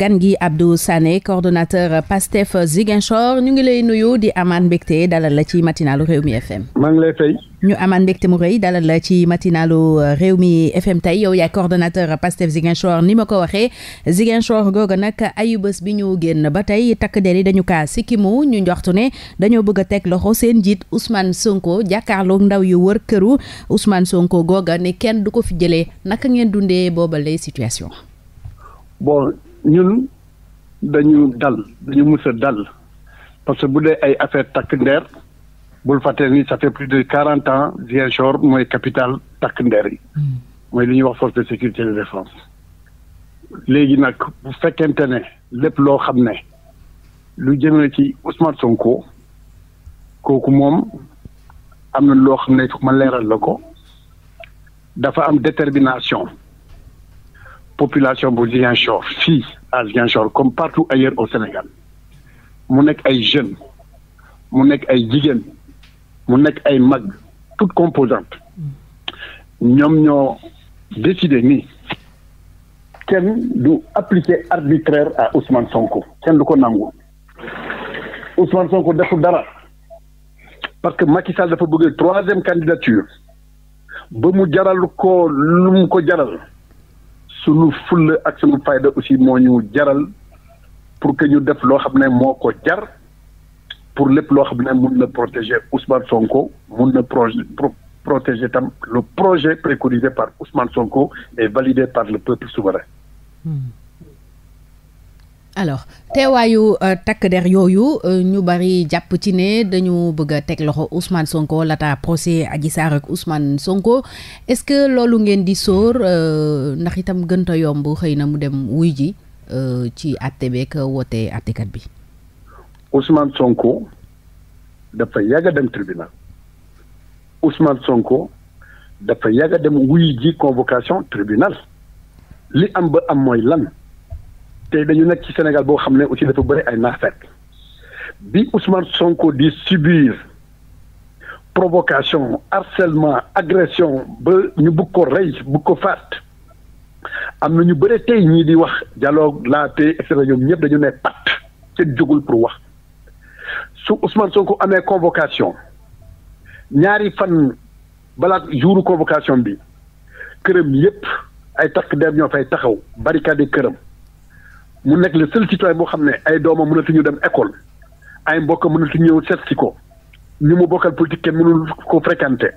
gan gi Abdou Sané coordonnateur PASTEF Ziguinchor ñu ngi lay nuyu di amaan mbégte dalal la ci matinalu réew mi FM. maa ngi ñu amaan mbégte mu rëy dalal la ci matinalu réew mi FM tey yow yaay coordonnateur PASTEF Ziguinchor ni ma ko waxee Ziguinchor googa nag ayubés bi ñu génn ba tey takk der yi dañu kaa sikkimu ñu njoxtu ne dañoo bëgg a teg loxo seen njiit Ousmane Sonko jàkkaarloog ndaw yu wër këru Ousmane Sonko googa ne kenn du ko fi jëlee naka ngeen dundee boobale situation. bon ñun dañu dal dañu mus dal parce que bu dee ay affaire takk ndeer bul fàttee ni ça fait plus de quarante ans Ziguinchor mooy capital takk ndeer yi hmm. mooy li ñuy wax force de sécurité de défense léegi nag bu fekkente ne lépp loo xam ne lu jëmee ci Ousmane Sonko kooku moom am na loo xam ne ma leeral la ko dafa am détermination population bu Ziguinchor fii à Ziguinchor comme partout ailleurs au Sénégal mu nekk ay jeunes mu nekk ay jigéen mu nekk ay mag toute composante ñoom ñoo décidé ni kenn du appliquer arbitraire à Ousmane Sonko kenn du ko nangu Ousmane Sonko defu dara parce que Macky Sall dafa bëgg troisième candidature ba mu jaral ko lu mu ko jaral. sunu fulla ak sunu fayda aussi moo ñu jaral pour que ñu def loo xam ne moo ko jar pour lépp loo xam ne mun na protéger Ousmane Sonko mun na pro protéger tam le projet préconisé par Ousmane Sonko et validé par le peuple souverain. Mmh. alors teewaayu euh, takk der yooyu euh, ñu bari jàpp ci ne dañu bëgg a teg loxo Ousmane Sonko laata procès Adji Sarr ak Ousmane Sonko est-ce que loolu ngeen di sóor euh, ndax itam gënta yomb xëy na mu dem wuy ji ci àtte beeg woote àttekat bi. Ousmane Sonko dafa yàgg a dem tribunal Ousmane Sonko dafa yàgg dem wuy ji convocation tribunal li am ba am mooy lan. tey dañu nekk ci Sénégal boo xam ne aussi dafa bëri ay naafeq bi Ousmane Sonko di subir provocation harcèlement agression ba ñu bëgg ko rey bëgg ko faat am na ñu bëri tey ñii di wax dialogue la paix et ñoom ñëpp dañu nekk pat te jógul pour wax su Ousmane Sonko amee convocation ñaari fan balaa jouru convocation bi këram yëpp ay takk der ñoo fay taxaw barricade këram. mu nekk le seul citoyen boo xam ne ay doomam mënatuñu dem école ay mbokk mënatuñu ñëw seet si ko ñu mu bokkal politique kenn mënul ko fréquenter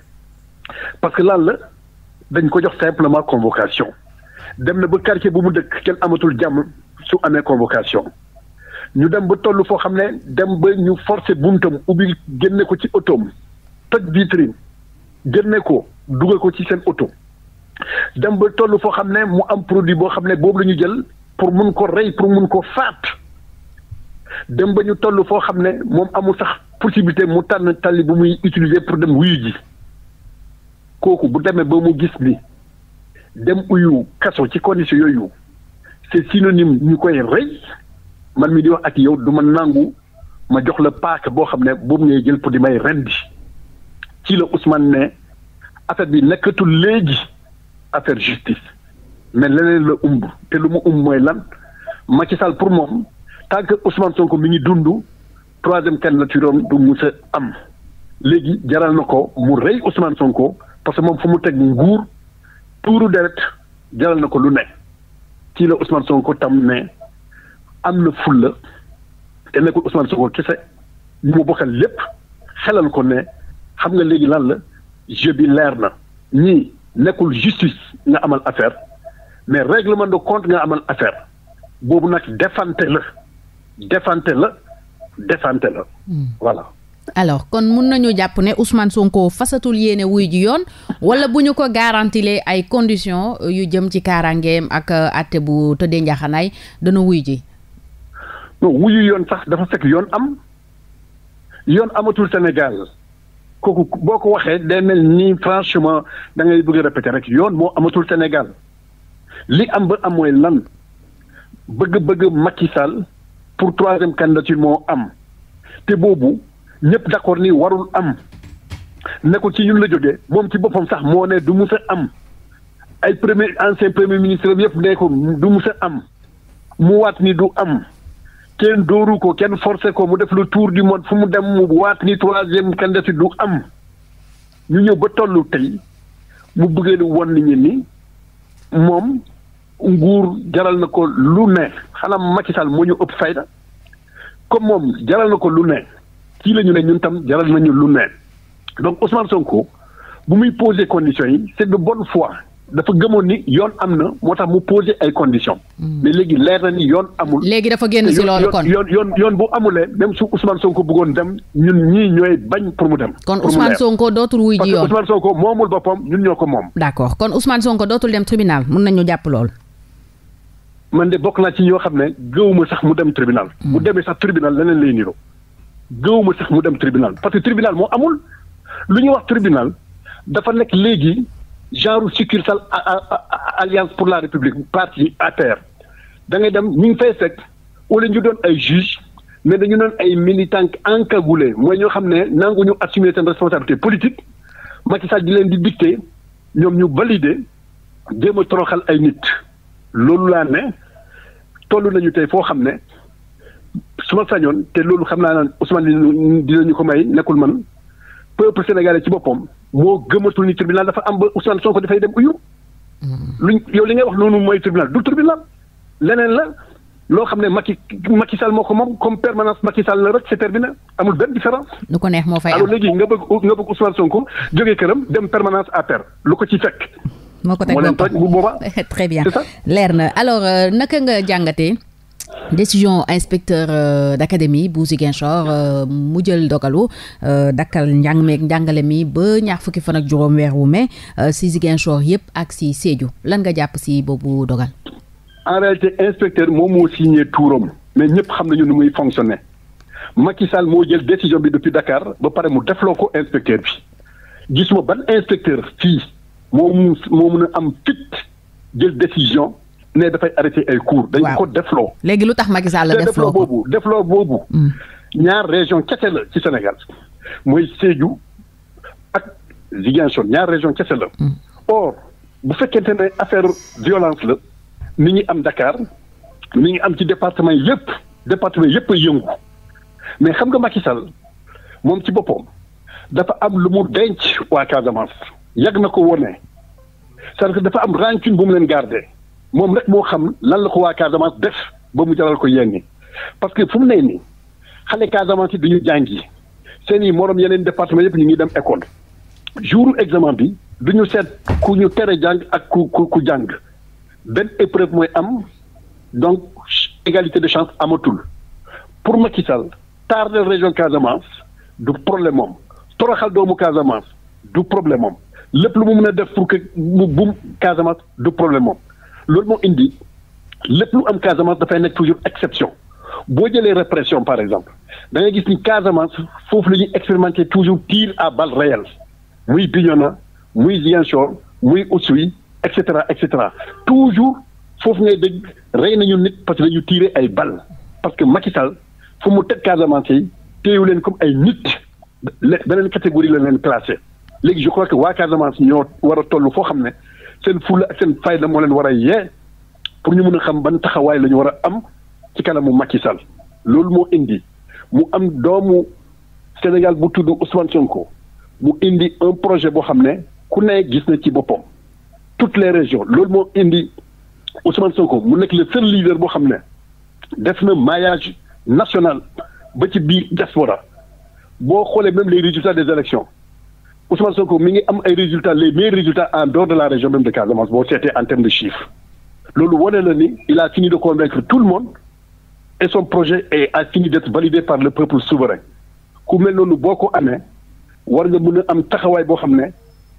parce que lan la dañ ko jox simplement convocation dem na ba quartier bu mu dëkk kenn amatul jàmm su amee convocation ñu dem ba toll foo xam ne dem ba ñu forcer buntam ubbi génne ko ci otoom toj vitrine génne ko dugal ko ci seen oto dem ba toll foo xam ne mu am produit boo xam ne boobu la jël. pour mun ko rey pour mun ko faat dem ba ñu toll foo xam ne moom amul sax possibilité mu tànn tali bu muy utiliser pour dem wuyu ji kooku bu demee ba mu gis ni dem uyu kaso ci condition yooyu c'est synonyme ñu koy rey man mi di wax ak yow du ma nangu ma jox la paak boo xam ne boobu ngay jël pour di may rendi ci la Ousmane ne affaire bi nekkatul léegi affaire justice mais leneen la umb te lu mu umb mooy lan Macky Sall pour moom tant que Ousmane Sonko mi ngi dund troisième candidature am du mu a am léegi jaral na ko mu rey Ousmane Sonko parce que moom fu mu teg nguur tuuru deret jaral na ko lu ne ci la Ousmane Sonko tam ne am na fulla te nekkul Ousmane Sonko kese ñu mu bokkal lépp xelal ko ne xam nga léegi lan la jeu bi leer na ñii nekkul justice nga amal affaire. mais règlement de compte nga amal affaire boobu nag defante la defante la defante la hmm. voilà alors kon mun nañu jàpp ne Ousmane Sonko fasatul yéene wuy ji yoon wala bu ñu ko garantilee ay conditions yu jëm ci kaaraangeem ak àtte uh, bu tëddee njaxanaay dana wuy ji non wuyu yoon sax dafa fekk yoon am yoon amatul Sénégal kooku boo ko waxee day mel nii franchement da ngay bëgg rek yoon moo amatul Sénégal li am ba am lan bëgg-bëgg Macky Sall pour troisième candidature moo am te boobu ñëpp d'accord ni warul am ne ko ci ñun la jógee moom ci boppam sax moo ne du musa am ay premier ancien premier ministre yëpp ne ko du musa am mu waat ni du am kenn dooru ko kenn forcé ko mu def lu tour du monde fu mu dem mu waat ni troisième candidature du am ñu ñëw ba tollu tey mu bëggee lu won nit ñi ni moom nguur jaral na ko lu ne xanaa Macky Sall moo ñu ëpp fayda comme moom jaral na ko lu ne kii la ñu ne ñun tam jaral nañu lu ne donc Ousmane Sonko bu muy poser conditions yi c'est de bonne foi dafa gëmoon ni yoon am na moo tax mu poser ay conditions. Hmm. mais léegi leer na ni yoon amul. léegi dafa génn ci loolu kon yoon yoon yoon bu amulee même su Ousmane Sonko bëggoon dem ñun ñii ñooy bañ pour mu dem. kon Ousmane Sonko dootul wuy ji yoon parce que Ousmane Sonko moomul boppam ñun ko moom. d'accord kon Ousmane Sonko dootul dem tribunal mun man de bokk naa ci ñoo xam ne gëwuma sax mu dem tribunal. Hmm. bu demee sax tribunal leneen lay niro gëwuma sax mu dem tribunal parce que tribunal moo amul lu ñuy wax tribunal dafa nekk léegi genre succursale alliance pour la république parti APR da ngay dem ñu ngi fay fekk wala ñu doon ay juge mais dañu doon ay militant encagoulé mooy ñoo xam ne nangu ñu assumer seen responsabilité politique Macky Sall di leen di dicté ñoom ñu validé jéem a toroxal ay nit loolu laa ne. toll nañu tey foo xam ne su ma sañoon te loolu xam naa ne dina ñu ko may nekkul man peuple sénégalais ci boppam moo gëmatul ni tribunal dafa am ba Ousmane Sonko dafay dem uyu. Hmm. luñ yow li ngay wax noonu mooy tribunal du tribunal leneen la loo xam ne Macky Macky Sall moo ko moom comme permanence Macky Sall la rek c'est terminé amul benn différence. lu ko neex moo fay am alors léegi nga bëgg nga bëgg Ousmane Sonko jógee këram dem permanence à terre lu ko ci fekk. moo ko teg boppam bu boobaa très bien leer na alors euh, naka nga jàngatee décision inspecteur euh, d'académie bu Ziguinchor euh, mu jël dogalu dakkal njàng meeg njàngale mi ba ñaax fukki fan ak juróom weer wu mai si Ziguinchor yëpp ak ci Sédhiou lan nga jàpp si boobu dogal. en réalité inspecteur moom moo signé tuuram mais ñëpp xam nañu nu muy fonctionner Macky Sall moo jël décision bi depuis Dakar ba pare mu defloo ko inspecteur bi gisuma ban inspecteur fii. moom moo mun a am fit jël décision ne dafay arrêté ay cours. dañu ko defloo. léegi lu tax Macky Sall defloo boobu defloo boobu. Hmm. ñaar région kese la ci Sénégal mooy Sédhiou ak Ziguinchor ñaar région kese la. Hmm. or bu fekkente ne affaire violence la. mi ngi am Dakar mi ngi am ci département yëpp département yëpp a yëngu mais xam nga Macky Sall moom ci boppam dafa am lu mu denc waa Casamance. yàgg na ko wone cest à que dafa am rancune bu mu leen garder moom rek moo xam lan la ko waa Casamance def ba mu jaral ko yenni parce que fu mu ne nii xale Casamance yi dañu yi seen i morom yeneen département yépp ñu ngi dem école jour examen bi du ñu seet ku ñu tere jàng ak ku ku ku jàng benn épreuve mooy am donc égalité de chance amatul pour ma Macky Sall tardel région Casamance du problème moom toroxal doomu Casamance du problème moom lépp lu mu mën a def pour que mu buum Casamance du problème moom loolu moo indi lépp lu am Casamance dafay nekk toujours exception boo jëlee répression par exemple da gis ni Casamance foofu la ñuy expérimenter toujours tir à balles réelles muy Bignona muy Ziguinchor muy Oussouye et cetera et cetera toujours foofu ngay dégg rey nañu nit parce que dañu tiré ay balles parce que Macky Sall mu teg Casamance yi téyewu leen comme ay nit beneen catégorie la leen classé. léegi je crois que waa Casamance ñoo war a toll foo xam ne seen fulla ak seen fayda moo leen war a yee pour ñu mën a xam ban taxawaay la ñu war a am ci kanamu Macky Sall loolu moo indi mu am doomu Sénégal bu tudd Ousmane Sonko mu indi un projet boo xam ne ku ne gis na ci boppam toutes les régions loolu moo indi Ousmane Sonko mu nekk le seul leader boo xam ne def na maillage national ba ci biir diaspora boo xoolee même les résultats des élections Ousmane Sonko mi ngi am ay résultat les meilleurs résultats en dehors de la région même de Casamance boo seetee en termes de chiffres loolu wane na ni il a fini de convaincre tout le monde et son projet est a fini d'être validé par le peuple souverain ku mel noonu boo ko amee war nga mun a am taxawaay boo xam ne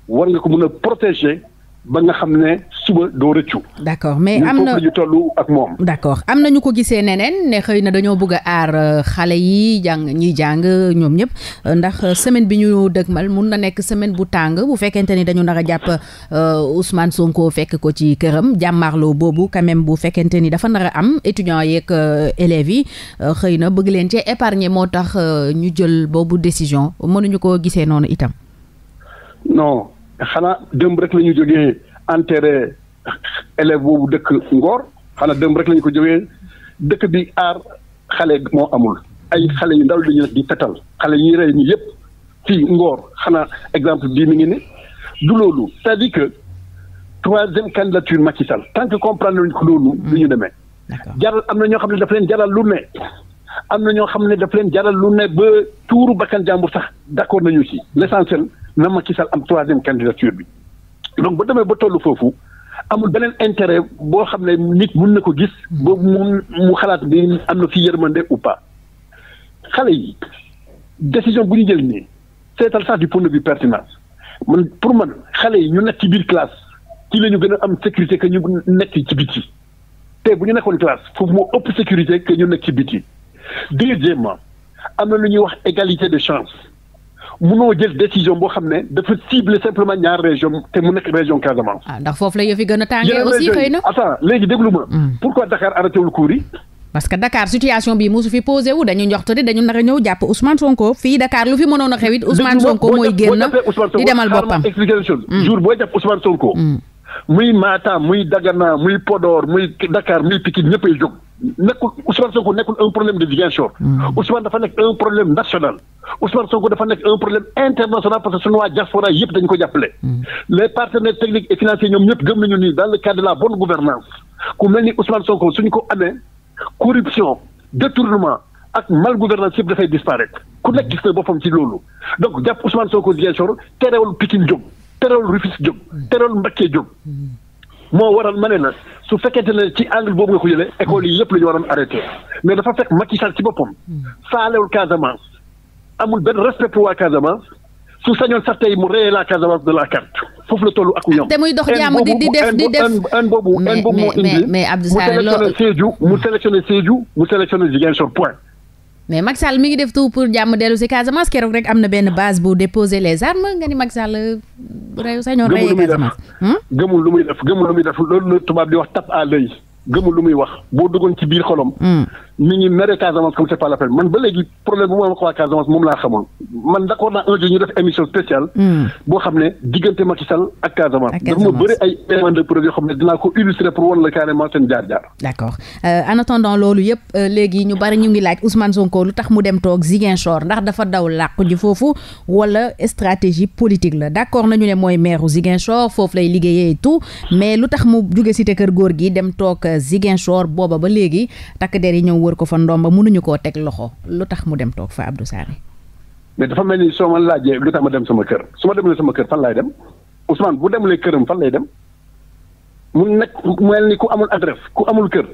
war nga ko mun a protéger. ba nga xam ne suba doo rëccu. d'accord mais am na ñu am na ñu ko gisee neneen ne xëy na dañoo bëgg a aar euh, xale yi jàng ñiy jàng euh, ñoom ñëpp euh, ndax semaine bi ñu dëgmal mun na nekk semaine bu tàng bu fekkente ni dañu nar a jàpp Ousmane Sonko fekk ko ci këram jàmmaarloo boobu quand même bu fekkente ni dafa nar a am étudiants yeeg élèves yi xëy na bëgg leen ci épargner moo tax ñu jël boobu décision mënuñu ko gisee noonu itam. xanaa dëmb rek la ñu jógee enterré élève boobu dëkk ngoor xanaa dëmb rek la ko jógee dëkk bi aar xale moo amul ay xale yu ndaw dañu nag di fetal xale yi rey ñu yëpp fii Ngor xanaa exemple bii mi ngi ne du loolu c'est-à-dire que troisième candidature Macky Sall tant que comprendre nañu ko loolu lu hmm. ñu demee jaral am na ñoo xam ne daf leen jaral lu ne am na ñoo xam ne daf leen jaral lu ne ba tuuru bakkan jàmbur sax d'accord nañu ci l'essentiel na Macky Sall am troisième candidature bi donc ba demee ba tollu foofu amul beneen intérêt boo xam ne nit mun na ko gis ba mu mu xalaat bi am na fi yërmande ou pas xale yi décision bu ñu jël nii seetal sax du point bi vue pertinence man pour man xale yi ñu nekk ci biir classe ci la ñu gën a am sécurité que ñu nekk ci biti te bu ñu nekkoon classe foofu moo ëpp sécurité que ñu nekk ci biti deuxièmement am na lu ñuy wax égalité de chance munoo jël décision boo xam ne dafa cible simplement ñaar région te mu nekk région Casamance. Ah, ndax foofu la yëf gën a tàngee aussi hmm. Sonko fii Dakar lu fi mënoon a xewit Ousmane Sonko mooy génn hmm. jour boo jàpp Ousmane hmm. muy Matam muy Dagana muy Podor muy Dakar muy Pikine ñëppay jóg nekkul Ousmane Sonko un problème de Ziguinchor. dafa nekk un problème national. Ousmane Sonko dafa nekk un problème international parce que suñu waa diaspora yëpp dañu ko jàppale. Mm-hmm. les partenaires techniques et financiers ñoom ñëpp gëm nañu ni dans le cadre de la bonne gouvernance ku mel ni Ousmane Sonko suñu ko amee corruption détournement ak mal gouvernance yëpp dafay disparaître ku nekk gis boppam ci loolu donc jàpp Ousmane Sonko Ziguinchor terewul Pikine jóg terewul Rufisque jóg mm-hmm. terewul Mbacké jóg. Mm-hmm. moo waral ma ne la su fekkente ne ci angle boobu nga ko jëlee école yëpp la ñu waroon arrêté mais dafa fekk Macky Sall ci boppam faalewul Casamance. amul benn respect pour waa Casamance su sañoon sax tey mu reyee la Casamance de la carte foofu la toll ak ñoom. te ah, muy dox jàmm di di def di def en boobu en mais Abdou Sarr loolu mu sélectionné Sédhiou mu sélectionné Sédhiou mu sélectionné point. mais Macky Sall mi ngi def tout pour jàmm dellu si Casamance keroog rek am na benn base bu déposer les armes nga ni Macky Sall euh, reyu sañoon reyee Casamance. Hmm? gëmul lu muy def gëmul lu muy def loolu la tubaab di wax tap à l'œil gëmul lu muy wax boo duggoon ci biir xolom. Hmm. mu ngi mere Casamance comme c'est pas la peine man ba léegi problème bu ma wax waa Casamance moom laa xamoon man d'accord naa un ñu def émission spéciale. Hmm. boo xam ne diggante Macky Sall ak Casamance. ak Casamance dafa ma bëri ay éléments de preuve yoo ko illustrer pour wan la seen jaar-jaar. d'accord euh, en attendant loolu yëpp euh, léegi ñu bari ñu ngi laaj Ousmane Sonko lu tax mu dem toog Ziguinchor ndax dafa daw làqu ji foofu wala stratégie politique la d'accord nañu ne mooy maire Ziguinchor foofu lay liggéeyee et mais lu tax mu jóge cité kër góor gi dem toog euh, Ziguinchor booba ba léegi takk der yi ñëw wër ko fa ndomba mënuñu koo teg loxo lu tax mu dem toog fa Abdou Sané mais dafa mel ni soo ma laajee lu tax ma dem sama kër su ma demulee sama kër fan laay dem Ousmane bu demulee këram fan lay dem mu nekk mel ni ku amul adresse ku amul kër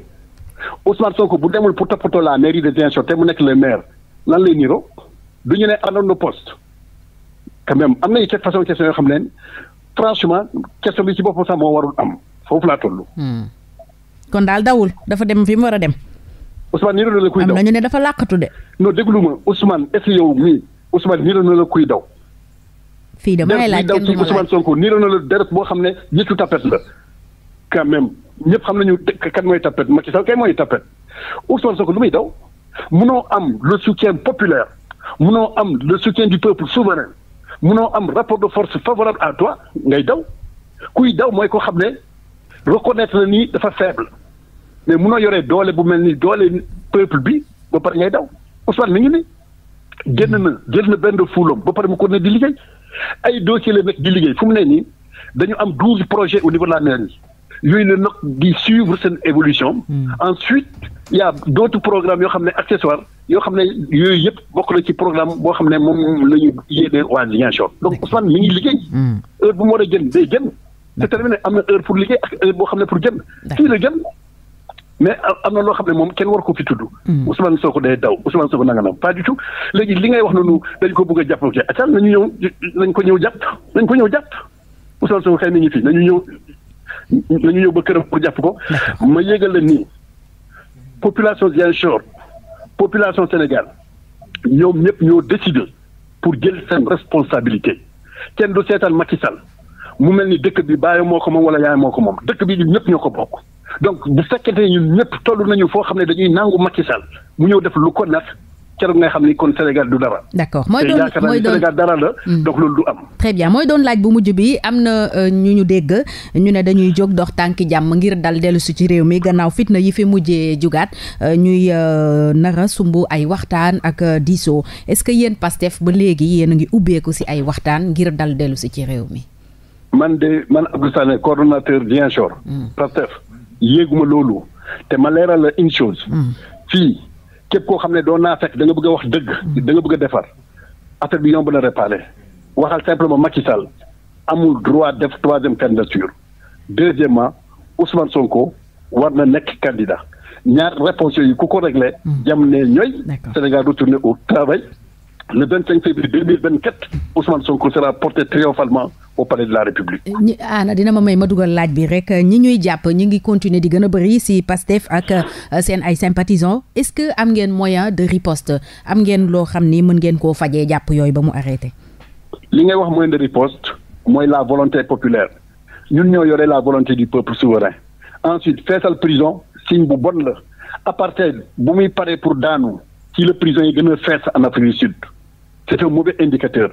Ousmane Sonko bu demul pour toppatoo la mairie de Ziguinchor te mu nekk le maire lan lay niro du ñu ne abandon de poste quand même am na cette façon question yoo xam ne franchement question bi ci boppam sax moo warul am foofu laa toll. Hmm. kon daal dawul dafa dem fi mu war a dem. Ousmane nii la kuy daw ne dafa làqatu déglu ma Ousmane est ce yow mii Ousmane nii la kuy daw. fii de may laaj kenn du ma laaj Ousmane Sonko nii la boo xam ne jiitu tapet la. quand même ñëpp xam nañu kan mooy tapet Macky Sall kay mooy tapet Ousmane Sonko lu muy daw munoo am le soutien populaire munoo am le soutien du peuple souverain munoo am rapport de force favorable à toi ngay daw kuy daw mooy koo xam ne reconnaître na nii dafa faible. mais munoo yoree doole bu mel ni doole peuple bi ba pare ngay daw Ousmane mi ngi ni génn na jël na benn fuulam ba pare mu ko ne di liggéey ay dossier la nekk di liggéey fu mu ne nii dañu am douze projet au niveau de la mairie yooyu ne nag di suivre seen évolution hmm. ensuite y a d'autres programmes yoo xam ne accessoire yoo xam ne yooyu yëpp bokk na ci programme boo xam ne moom la ñu yéene waa Ziguinchor donc Ousmane mi ngi liggéey hmm. heure bu mu war a jënd day jënd am na heure pour liggéey boo xam ne pour jënd fii la jënd mais am na loo xam ne moom kenn war ko fi tudd. Hmm. Ousmane Sonko day daw Ousmane Sonko nanganam pas du tout léegi li ngay wax noonu dañ ko bugg a jàpp ci atal nañu ñëw nañ ko ñëw jàpp nañ ko ñëw jàpp Ousmane Sonko xëy na ñu fi nañu ñëw nañu ñëw ba këram pour jàpp ko. ma yégal la nii population Ziguinchor population Sénégal ñoom ñëpp ñoo décidé pour jël seen responsabilité kenn du seetaan Macky Sall mu mel ni dëkk bi bàyyi moo ko moom wala yaay moo ko moom dëkk bi ñëpp ñoo ko bokk. donc bu fekkente ne ñun ñëpp nañu foo xam ne dañuy nangu Macky Sall mu ñëw def lu ko nat keroog nga xam ni kon Sénégal du dara. d'accord mooy doon mooy doon dara la. Hmm. donc am. très bien mooy doon laaj bu mujj bi am na euh, ñu ñu dégg ñu ne dañuy jóg dox tànki jàmm ngir dal dellusi ci réew mi gannaaw fitna yi fi mujjee jugaat euh, ñuy euh, nara sumb ay waxtaan ak diisoo est-ce que yéen Pastef ba léegi yéen a ngi ubbeeku si ay waxtaan ngir dal dellusi ci réew mi. man de man Abdou Sané coordonnateur Ziguinchor. Hmm. yéeguma loolu te ma leeral la une chose. Hmm. fii képp koo xam ne doon naa fekk da nga bëgg a wax dëgg. Hmm. danga bëgg a defar affaire bi yomb na réparé. waxal simplement Macky amul droit def troisième candidature deuxièmement Ousmane Sonko war na nekk candidat ñaar réponses yi ku ko réglé. Hmm. jam ne ñooy. Sénégal retourné au travail. le février 2024 Ousmane Sonko sera porté triomphalement au palais de la République. Euh, ñi ana dina ma may ma dugal laaj bi rek ñi ñuy jàpp ñi ngi continuer di gën bëri si Pastef ak euh, seen ay sympathisants est-ce que am ngeen moyen de riposte am ngeen loo xam ni mën ngeen koo fajee jàpp yooyu ba mu arrêté. li ngay wax moyen de riposte mooy la volonté populaire ñun ñoo yore la volonté du peuple souverain ensuite feesal prison signe bu bon la apartheid bu muy pour daanu ci la prison c'est un mauvais indicateur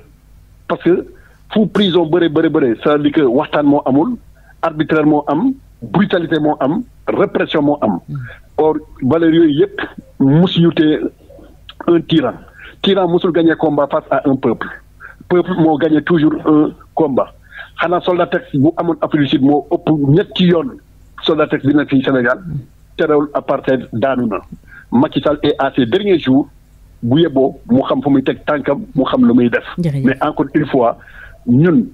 parce que fu prison bëre bëre bëre c'est-à-dire que waxtaan moo amul arbitraire moo am brutalité moo am répression moo am or valeurs yooyu yëpp musuñu tee un tyran tyran musul gagner combat face à un peuple peuple moo gagner toujours un combat xanaa Soldatex bu amoon Afrique du Sud moo ëpp ñetti yoon Soldatex dina fii Sénégal terewul apartheid daanu na Macky Sall est à ses derniers bu yeboo mu xam fa muy teg tànkam mu xam la muy def. mais encore une fois ñun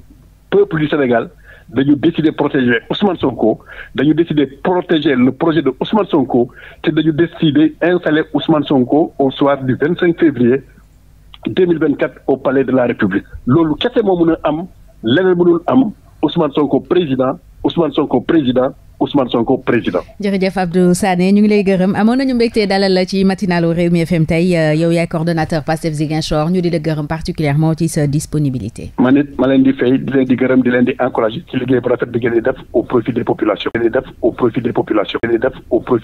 peuple du Sénégal dañu décider protéger Ousmane Sonko dañu décider protéger le projet de Ousmane Sonko te dañu décider installer Ousmane Sonko au soir du 25 février 2024 au palais de la République loolu kese moom mën a am leneen mënul am Ousmane Sonko président Ousmane Sonko président. Ousmane Sonko président. jërëjëf Abdou Sané ñu ngi lay gërëm amoon nañu mbégte dalal la ci matinalu Rewmi FM tey euh, yow yaay coordonnateur Pastef Ziguinchor ñu di la gërëm particulièrement ci sa disponibilité. ma nit ma leen di fay di leen di gërëm di leen di encouragé ci liggéey bu rafet bi di def au profit di def au profit des populations. di def au profit.